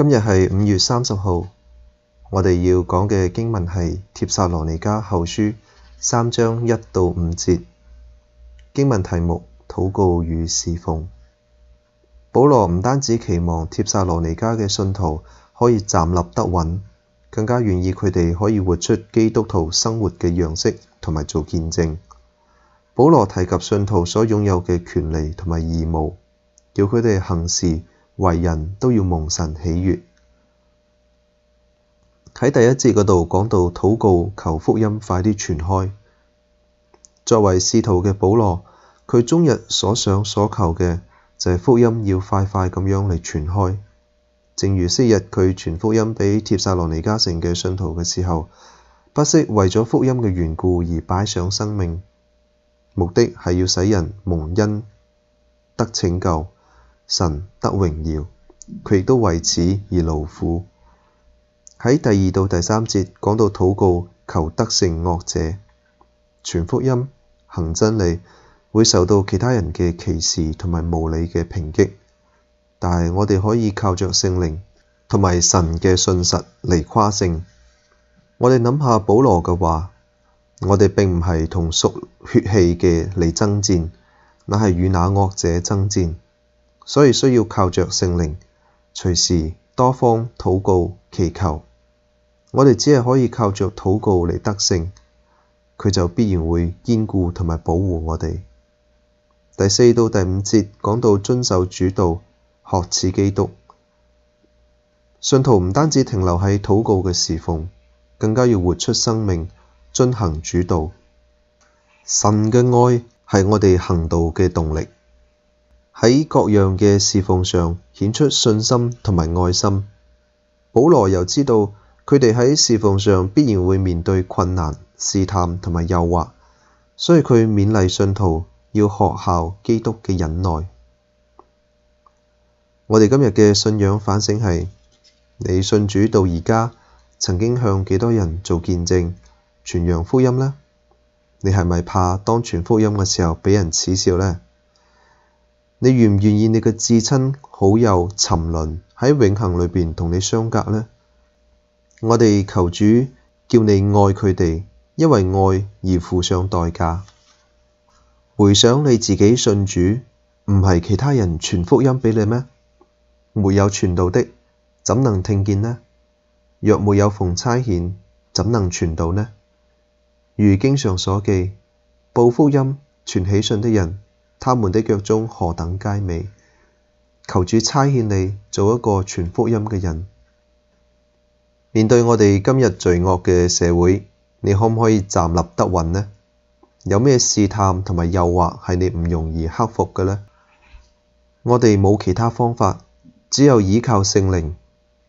今日係五月三十號，我哋要講嘅經文係《帖撒羅尼迦後書》三章一到五節。經文題目：禱告與事奉。保羅唔單止期望帖撒羅尼迦嘅信徒可以站立得穩，更加願意佢哋可以活出基督徒生活嘅樣式，同埋做見證。保羅提及信徒所擁有嘅權利同埋義務，叫佢哋行事為人都要蒙神喜悦。喺第一節嗰度講到禱告求福音快啲傳開。作為使徒嘅保羅，佢終日所想所求嘅就係福音要快快咁樣嚟傳開。正如昔日佢傳福音畀帖撒羅尼迦城嘅信徒嘅時候，不惜為咗福音嘅緣故而擺上生命，目的係要使人蒙恩得拯救。神得榮耀，佢亦都為此而勞苦。喺第二到第三節講到禱告求得勝惡者傳福音行真理，會受到其他人嘅歧視同埋無理嘅抨擊，但係我哋可以靠着聖靈同埋神嘅信實嚟跨勝。我哋諗下保羅嘅話，我哋並唔係同屬血氣嘅嚟爭戰，乃係與那惡者爭戰。所以需要靠着聖靈，隨時多方禱告祈求。我哋只係可以靠着禱告嚟得勝，佢就必然會堅固同埋保護我哋。第四到第五節講到遵守主道，學似基督。信徒唔單止停留喺禱告嘅事奉，更加要活出生命，遵行主道。神嘅愛係我哋行道嘅動力。喺各樣嘅侍奉上顯出信心同埋愛心。保羅又知道佢哋喺侍奉上必然會面對困難、試探同埋誘惑，所以佢勉勵信徒要學效基督嘅忍耐。我哋今日嘅信仰反省係：你信主到而家，曾經向幾多人做見證、傳揚福音呢？你係咪怕當傳福音嘅時候畀人恥笑呢？你願唔願意你嘅至親好友沉淪喺永恆裏邊同你相隔呢？我哋求主叫你愛佢哋，因為愛而付上代價。回想你自己信主，唔係其他人傳福音畀你咩？沒有傳道的，怎能聽見呢？若沒有奉差遣，怎能傳道呢？如經上所記，報福音、傳喜信的人。他們的腳中何等佳美，求主差遣你做一個傳福音嘅人。面對我哋今日罪惡嘅社會，你可唔可以站立得穩呢？有咩試探同埋誘惑係你唔容易克服嘅呢？我哋冇其他方法，只有依靠聖靈，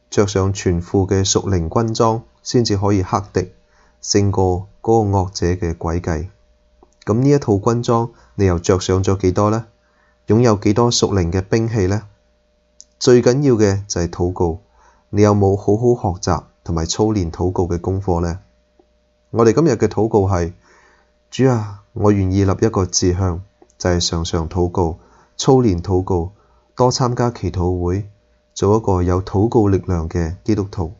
着上全副嘅屬靈軍裝，先至可以克敵勝過嗰個惡者嘅詭計。咁呢一套軍裝，你又着上咗幾多呢？擁有幾多屬靈嘅兵器呢？最緊要嘅就係禱告，你有冇好好學習同埋操練禱告嘅功課呢？我哋今日嘅禱告係：主啊，我願意立一個志向，就係常常禱告、操練禱告、多參加祈禱會，做一個有禱告力量嘅基督徒。